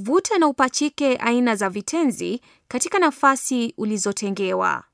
Vuta na upachike aina za vitenzi katika nafasi ulizotengewa.